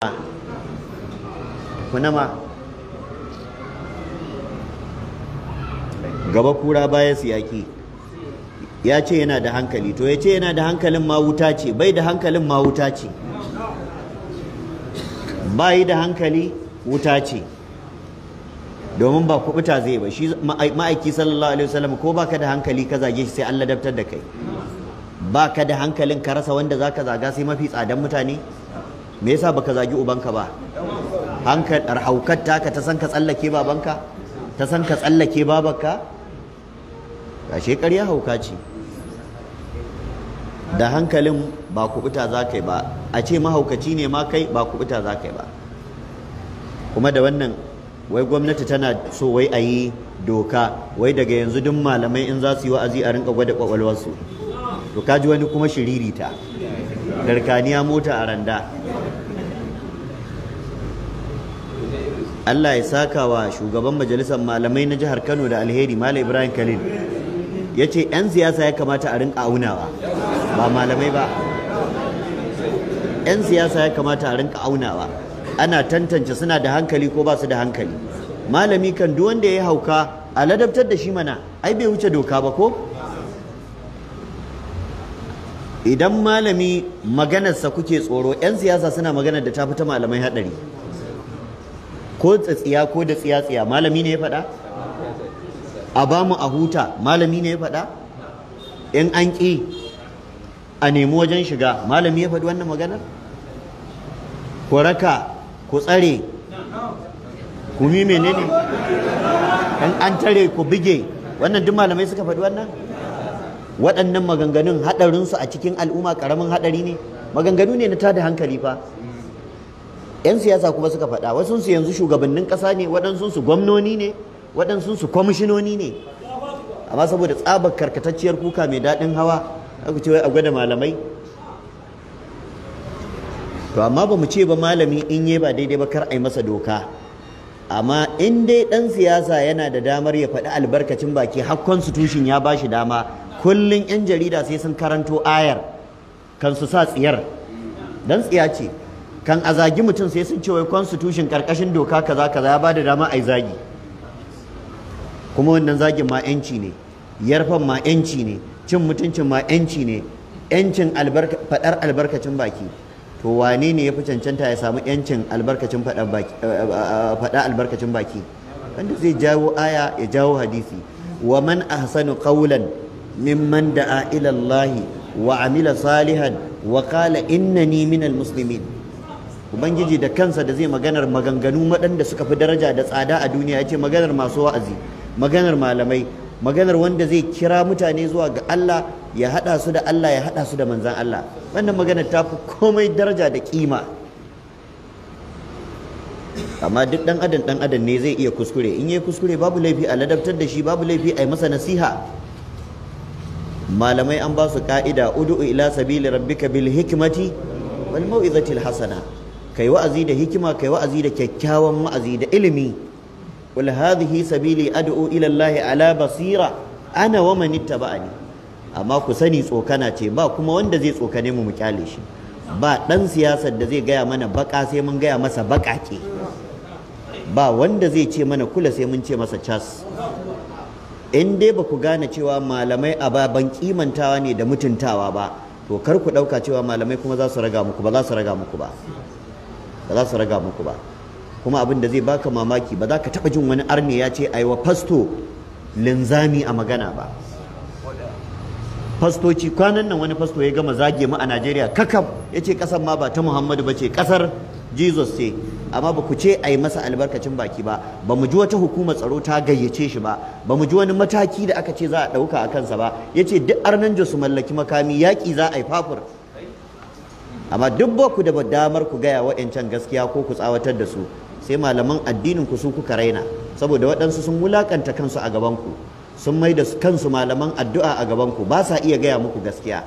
gaba kura baya siyaki ya ce yana da hankali to ya ce yana da hankalin ma wuta ce bai da hankalin ma wuta ce bai da hankali wuta ce domin ba kubuta zai ba shi ma'aiki sallallahu alaihi wasallam ko baka da hankali ka zage shi sai Allah dabtar da kai baka da hankalin ka rasa wanda zaka zaga sai mafi tsadan mutane me yasa baka zagi ubanka ba hanka haukar taka ta san ka tsallake babanka ta san ka tsallake babanka ashe ƙarya hauka ce da hankalin ba kubuta za ka ba a ce mahaukaci ne ma kai ba kubuta za ka ba kuma da wannan wai gwamnati tana so wai a yi doka wai daga yanzu duk malamai in za su yi wa'azi a rinka gwada kwakwalwarsu to kaji wani kuma shiririta garkaniya mota a randa Allah ya saka wa shugaban majalisar malamai na jihar Kano da alheri Malam Ibrahim Khalil ya ce 'yan siyasa ya kamata a rinka aunawa ba malamai ba 'yan siyasa ya kamata a rinka aunawa ana tantance suna da hankali ko ba su da hankali malami kan duk wanda ya hauka a ladabtar da shi mana ai bai wuce doka ba ko idan malami maganarsa kuke tsoro 'yan siyasa suna maganar da ta fita malamai haɗari ko tsatsiya ko da tsiya tsiya malami ne ya faɗa a ba mu a huta malami ne ya faɗa in an ƙi a nemi wajen shiga malami ya faɗi wannan maganar ku raka ku tsare ku mi menene in an tare ku bige wannan duk malamai suka faɗi wannan waɗannan maganganun haɗarinsu a cikin al'umma ƙaramin haɗari ne maganganu ne na tada hankali fa 'yan siyasa kuma suka faɗa wasu su yanzu shugabannin kasa ne waɗansu su gwamnoni ne waɗansu su kwamishinoni ne amma saboda tsabar karkatacciyar kuka mai daɗin hawa aka ce wai a gwada malamai to amma ba mu ce ba malami in yi ba daidai ba kar a yi masa doka amma in dai ɗan siyasa yana da damar ya faɗi albarkacin baki har constitution ya ba shi dama kullum 'yan jarida sai sun karanto ayar kan su sa tsiyar dan tsiya ce kan a zagi mutum sai sun ce wai constitution karkashin doka kaza kaza ya bada dama ai zagi kuma wannan zagin ma yanci ne yarfan ma yanci ne cin mutuncin ma yanci ne yancin albarka fadar albarkacin baki to wane ne ya fi cancanta ya samu yancin albarkacin fada eh, eh, eh, albarkacin baki wanda zai jawo aya ya jawo hadisi wa man ahsanu qawlan mimman da'a ila Allah wa amila salihan wa qala innani minal muslimin ubangiji da kansa da zai maganar maganganu maɗanda suka fi daraja da tsada a duniya ya ce maganar masu wa'azi maganar malamai maganar wanda zai kira mutane zuwa ga Allah ya haɗa su da Allah ya haɗa su da manzan Allah wannan maganar ta fi komai daraja da kima amma duk ɗan adam ɗan adam ne zai iya kuskure in yi kuskure babu laifi a ladabtar da shi babu laifi a yi masa nasiha malamai an ba su ka'ida udu'u ila sabili rabbika bil hikmati wal mau'izatil hasana kai wa'azi da hikima kai wa'azi da kyakkyawan wa'azi da ilimi wal hadhihi sabili ad'u ila Allah ala basira ana wa man ittaba'ani amma ku sani tsokana ce ba kuma wanda zai tsokane mu mu kyale shi ba dan siyasar da zai gaya mana baka sai mun gaya masa ke ba wanda zai ce mana kula sai mun ce masa cas in dai ba ku gane cewa malamai a baban kimantawa ne da mutuntawa ba to kar ku ɗauka cewa malamai kuma za su raga muku ba za su raga muku ba ba za su raga muku ba kuma abin da zai baka mamaki ba za ka taɓa jin wani arni ya ce wa fasto linzami a magana ba fastoci kwanan nan wani fasto ya gama zage mu a najeriya kakam ya ce kasar ma ba ta muhammadu ba ce kasar jesus ce amma ba ku ce a yi masa albarkacin baki ba ba mu ji wata hukumar tsaro ta gayyace shi ba ba mu ji wani mataki da aka ce za a ɗauka a kansa ba ya ce duk arnan su mallaki makami yaƙi za a yi fafur amma duk ba ku da damar ku gaya wa'ancan gaskiya ko ku tsawatar da su sai malaman addinin ku su kuka raina saboda waɗansu sun wulakanta kansu a gaban ku sun mai da kansu malaman addu'a a gaban ku ba sa iya gaya muku gaskiya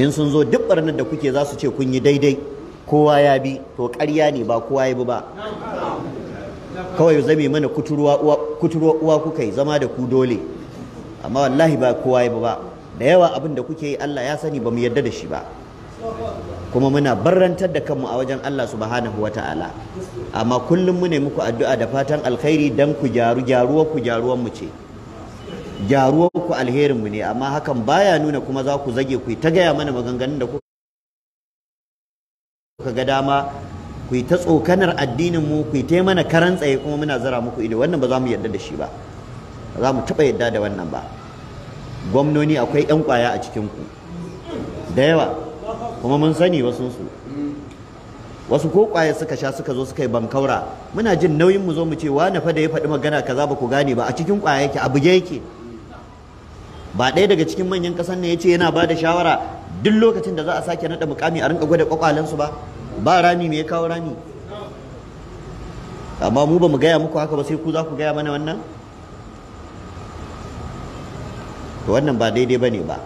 in sun zo duk barnar da kuke za su ce kun yi daidai kowa ya bi to ƙarya ne ba kowa ya bi ba kawai zame mana kuturwa uwa kuka yi zama da ku dole amma wallahi ba kowa ya bi ba da yawa abin da kuke yi Allah ya sani ba mu yarda da shi ba kuma muna barrantar da kanmu a wajen Allah subhanahu wa ta'ala amma kullum mu ne muku addu'a da fatan alkhairi dan ku gyaru gyaruwa ku gyaruwan mu ce gyaruwa ku alherin mu ne amma hakan baya nuna kuma za ku zage ku ta gaya mana maganganun da kuka ga dama ku ta tsokanar addinin mu ku ta mana karan tsaye kuma muna zara muku ido wannan ba za mu yarda da shi ba za mu taɓa yarda da wannan ba gwamnoni akwai 'yan kwaya a cikinku da yawa kuma mun sani wasu su wasu ko kwaye suka sha suka zo suka yi bankaura muna jin nauyin mu zo mu ce wa na fa da ya faɗi magana kaza ba ku gane ba a cikin kwaye yake a buge yake ba ɗaya daga cikin manyan ƙasar ne ya ce yana ba da shawara duk lokacin da za a sake naɗa mukami a rinka gwada su ba ba rami me ya kawo rami amma mu ba mu gaya muku haka ba sai ku za ku gaya mana wannan to wannan ba daidai ba ne ba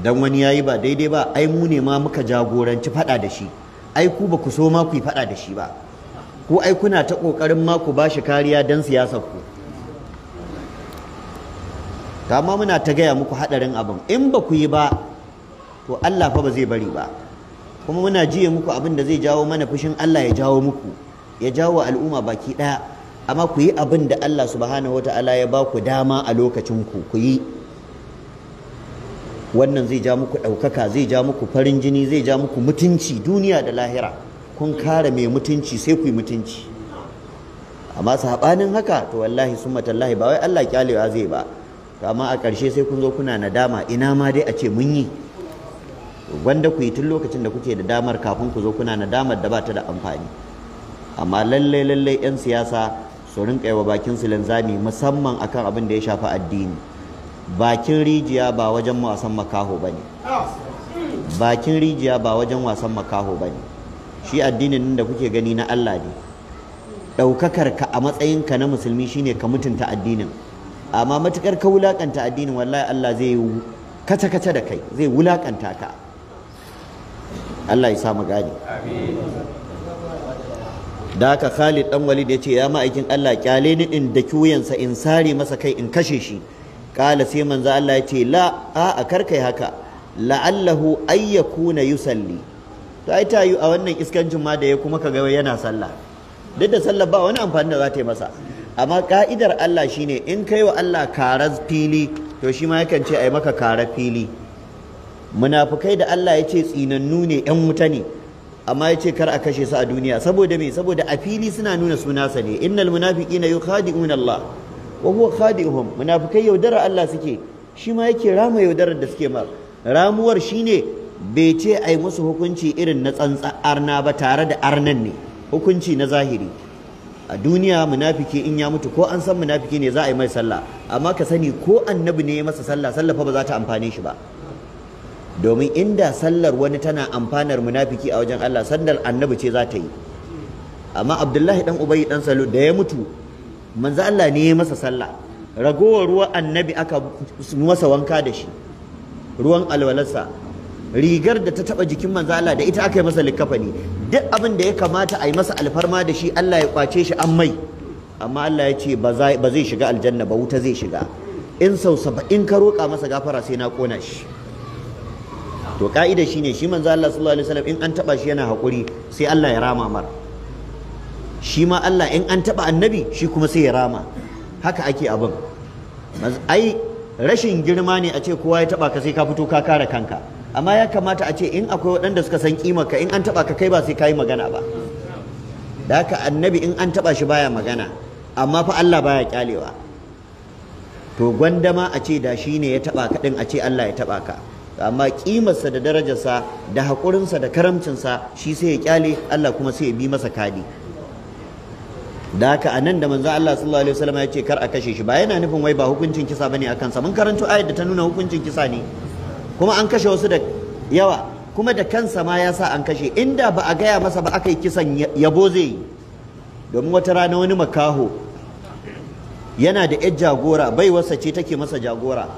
dan wani ya yi, ba daidai ba ai mu ne ma muka jagoranci faɗa da shi ai ku ba ku so ma ku yi fada da shi ba ko ai kuna ta kokarin ma ku ba shi kariya don siyasar ku kama muna ta gaya muku hadarin abin in ba ku yi ba to Allah fa ba zai bari ba kuma muna jiye muku abin da zai jawo mana fushin Allah ya jawo muku ya jawo al'umma baki ɗaya, amma ku yi abin da Allah subhanahu ta'ala ya ba ku dama a lokacin ku ku yi wannan zai ja muku ɗaukaka zai ja muku farin jini zai ja muku mutunci duniya da lahira kun kare mai mutunci sai ku yi mutunci amma saɓanin haka to wallahi sun matallahi ba wai Allah kyalewa zai ba to amma a ƙarshe sai kun zo kuna nadama ina ma dai a ce mun yi wanda ku yi tun lokacin da kuke da damar kafin ku zo kuna nadamar da ba ta da amfani amma lallai-lallai, 'yan siyasa su rinƙa yi bakin su linzami musamman akan abin da ya shafi addini bakin rijiya ba wajen wasan makaho ba ne bakin rijiya ba wajen wasan makaho ba ne shi addinin da kuke gani na Allah ne ɗaukakar ka a matsayinka na musulmi shine ka mutunta addinin amma matukar ka wulakanta addinin wallahi Allah zai kata kata da kai zai wulakanta ka Allah ya sa mu gane da haka Khalid dan Walid ya ce ya Allah kyale ni in da kiwuyansa in sare masa kai in kashe shi kala sai manzo Allah ya ce la a a karkai haka la'allahu ayyakuna yusalli to ai tayu a wannan iskan ma da ya kuma kaga yana sallah duk da sallah ba wani amfani da za ta yi masa amma ka'idar Allah shine in kai wa Allah karar fili to shi ma yakan ce ai maka karar fili munafukai da Allah ya ce tsinannu ne yan wuta ne amma ya ce kar a kashe su a duniya saboda me saboda a fili suna nuna sunansa ne innal munafiqina yukhadi'una Allah wa huwa khadi'uhum munafikai yaudara Allah suke shi ma yake rama yaudarar da suke ma ramuwar shine bai ce ai musu hukunci irin na tsantsa arna ba tare da arnan ne hukunci na zahiri a duniya munafiki in ya mutu ko an san munafiki ne za a yi mai sallah amma ka sani ko annabi ne ya masa sallah sallah fa ba za ta amfane shi ba domin inda sallar wani tana amfanar munafiki a wajen Allah sallar annabi ce za ta yi amma Abdullahi dan Ubayy dan Salu da ya mutu manzo Allah ne ya masa sallah ragowar ruwan annabi aka masa wanka da shi ruwan alwalasa rigar da ta taba jikin manzo Allah da ita aka yi masa likafani duk abin da ya kamata a yi masa alfarma da shi Allah ya kwace shi an mai amma Allah ya ce ba zai shiga aljanna ba wuta zai shiga in sau saba'in ka roka masa gafara sai na kona shi to ka'ida shine shi manzo Allah sallallahu alaihi wasallam in an taba shi yana haƙuri sai Allah ya rama mar shi ma Allah in an taɓa annabi shi kuma sai ya rama haka ake abin ai rashin girma ne a ce kowa ya taɓa ka sai ka fito ka kare kanka amma ya kamata a ce in akwai waɗanda suka san kima ka in an taɓa ka kai ba sai ka yi magana ba da haka annabi in an taɓa shi baya magana amma fa Allah baya kyalewa to gwandama a ce da shi ne ya taɓa ka ɗin a ce Allah ya taɓa ka amma kimarsa da darajarsa da haƙurinsa da karamcinsa shi sai ya kyale Allah kuma sai ya bi masa kadi da haka nan da manzo Allah sallallahu alaihi wasallam ya ce kar a kashe shi ba yana nufin wai ba hukuncin kisa bane akan sa mun karanto ayat da ta nuna hukuncin kisa ne kuma an kashe wasu da yawa kuma da kansa ma ya sa an kashe inda ba a gaya masa ba aka yi kisan yabo zai domin wata rana wani makaho yana da yar jagora bai wasa ce take masa jagora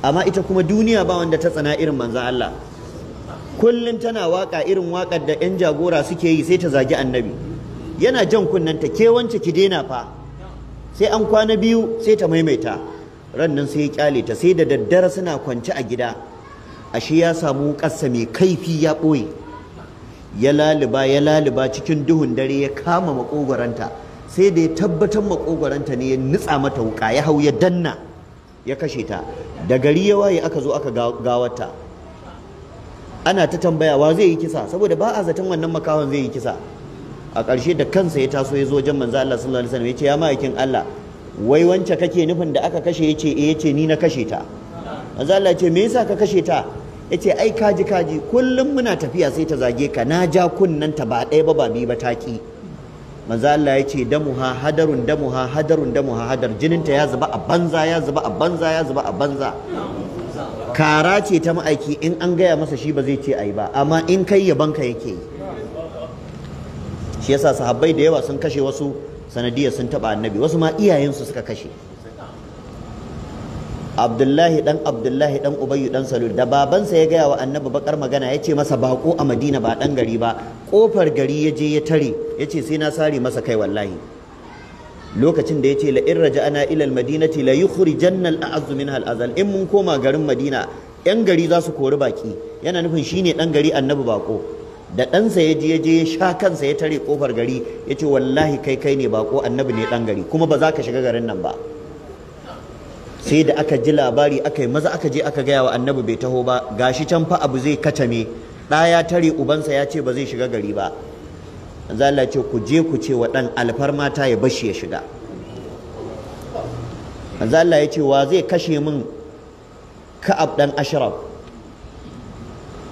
amma ita kuma duniya ba wanda ta tsana irin manzo Allah kullum tana waka irin wakar da 'yan jagora suke yi sai ta zagi annabi yana jan kunnanta ke wancan ki daina fa sai an kwana biyu sai ta maimaita ran nan sai ya kyale ta sai da daddare suna kwance a gida ashe ya samu ƙasa mai kaifi ya ɓoye ya laliba ya laliba cikin duhun dare ya kama makogwaranta sai da ya tabbatar makogwaranta ne ya nutsa mata wuka ya hau ya danna ya kashe ta da gari ya waye aka zo aka gawarta ana ta tambaya wa zai yi kisa saboda ba a zaton wannan makawan zai yi kisa a ƙarshe da kansa ya taso ya zo wajen manzo Allah sallallahu alaihi wasallam ya ce ya ma'aikin Allah wai wance kake nufin da aka kashe yace eh yace ni na kashe ta manzo Allah ya ce me yasa ka kashe ta yace ai kaji kaji kullum muna tafiya sai ta zage ka na ja kunnan ta ba ɗaya ba ba biyu ba ki manzo Allah ya ce ha hadarun ha hadarun ha hadar jininta ya zuba a banza ya zuba a banza ya zuba a banza kara ce ta ma'aiki in an gaya masa shi ba zai ce ayi ba amma in kai yabanka yake yi shi yasa sahabbai da yawa sun kashe wasu sanadiyar sun taba annabi wasu ma iyayensu suka kashe Abdullahi dan Abdullahi dan Ubayyu dan Salul da babansa ya gaya wa Annabi bakar magana ya ce masa bako a Madina ba dan gari ba kofar gari ya je ya tare yace sai na sare masa kai wallahi lokacin da ya ce lain raja'ana ila al-madinati la yukhrijanna al-a'azzu minha in mun koma garin Madina yan gari za su kori baki yana nufin shine dan gari Annabi bako da ɗansa ya je je ya sha kansa ya tare kofar gari ya ce wallahi kai kai ne ba ko annabi ne ɗan gari kuma ba za ka shiga garin nan ba sai da aka ji labari aka yi maza aka je aka gaya wa annabi bai taho ba gashi can fa abu zai katame ɗa ya tare ubansa ya ce ba zai shiga gari ba zala ce ku je ku ce wa ɗan alfarma ta ya bashi ya shiga zala ya wa zai kashe min ka'ab ɗan ashraf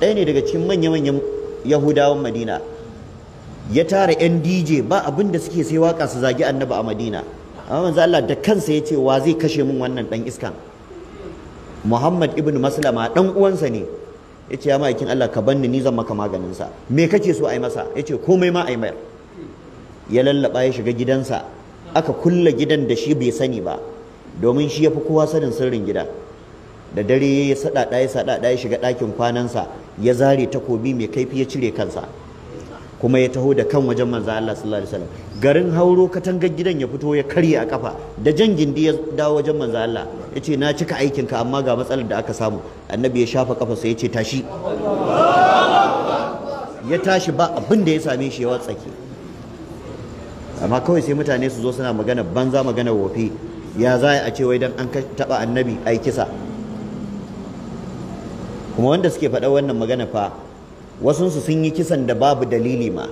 ɗaya ne daga cikin manya-manyan yahudawan madina ya tara yan dj ba abin da suke sai waka su zagi annabi a madina amma manzo Allah da kansa ya ce wa zai kashe mun wannan dan iskan Muhammad ibnu Maslama dan uwansa ne ya ce ya ma'aikin Allah ka banni ni zan maka maganin sa me kake so ai masa ya ce komai ma ai mayar ya lallaba ya shiga gidansa aka kulle gidan da shi bai sani ba domin shi ya fi kowa sanin sirrin gida da dare ya saɗaɗa ya saɗaɗa ya shiga ɗakin kwanansa ya zare takobi mai kaifi ya cire kansa kuma ya taho da kan wajen manzo Allah sallallahu alaihi wasallam garin hauro katangar gidan ya fito ya karye a kafa da jan gindi ya dawo wajen manzo Allah yace na cika aikin ka amma ga matsalar da aka samu annabi ya shafa kafa sai yace tashi ya tashi ba abin da ya same shi ya watsake amma kawai sai mutane su zo suna magana banza magana wofi ya za a ce wai dan an taba annabi ai kisa kuma wanda suke faɗa wannan magana fa wasunsu sun yi kisan da babu dalili ma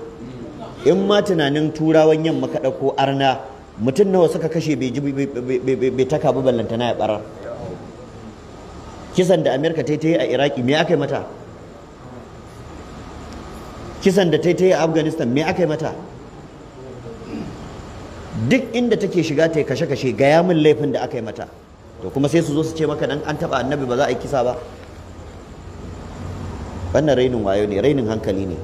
in ma tunanin turawan yamma ka ko arna mutum nawa suka kashe bai bai taka ba ballantana ya barar kisan da amerika ta yi a iraki me aka yi mata kisan da ta yi a afghanistan me aka yi mata duk inda take shiga ta yi kashe-kashe gaya min laifin da aka yi mata to kuma sai su zo su ce maka dan an taba annabi ba za a yi kisa ba wannan rainin wayo ne rainin hankali ne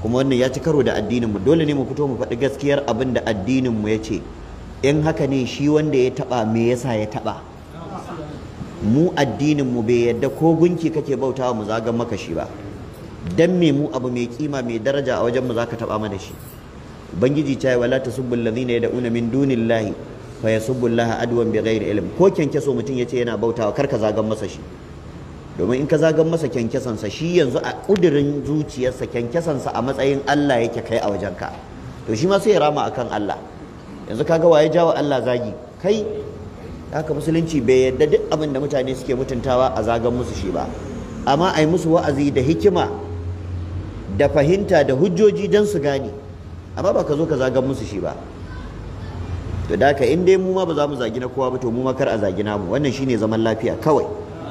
kuma wannan ya ci karo da addininmu dole ne mu fito mu faɗi gaskiyar abin da addininmu ya ce in haka ne shi wanda ya taɓa me yasa ya taɓa mu addininmu bai yadda ko gunki kake bautawa mu zagan maka shi ba dan me mu abu mai kima mai daraja a wajen mu zaka taɓa mana shi bangiji ta yi wala tasubbu allazina yad'una min dunillahi fa yasubbu allaha adwan bighairi ilm ko kyanke so mutum ce yana bautawa karka zagan masa shi domin in ka zagan masa kyankyasansa shi yanzu a ƙudurin zuciyarsa kyankyasansa a matsayin Allah yake kai a ka. to shi ma sai ya rama akan Allah yanzu kaga waye jawo Allah zagi kai haka musulunci bai yadda duk abin da mutane suke mutuntawa a zagan musu shi ba amma ai musu wa'azi da hikima da fahimta da hujjoji don su gane amma ba ka zo ka zagan musu shi ba to da inda in dai mu ma ba za mu zagi na kowa ba to mu ma kar a zagi namu wannan shi ne zaman lafiya kawai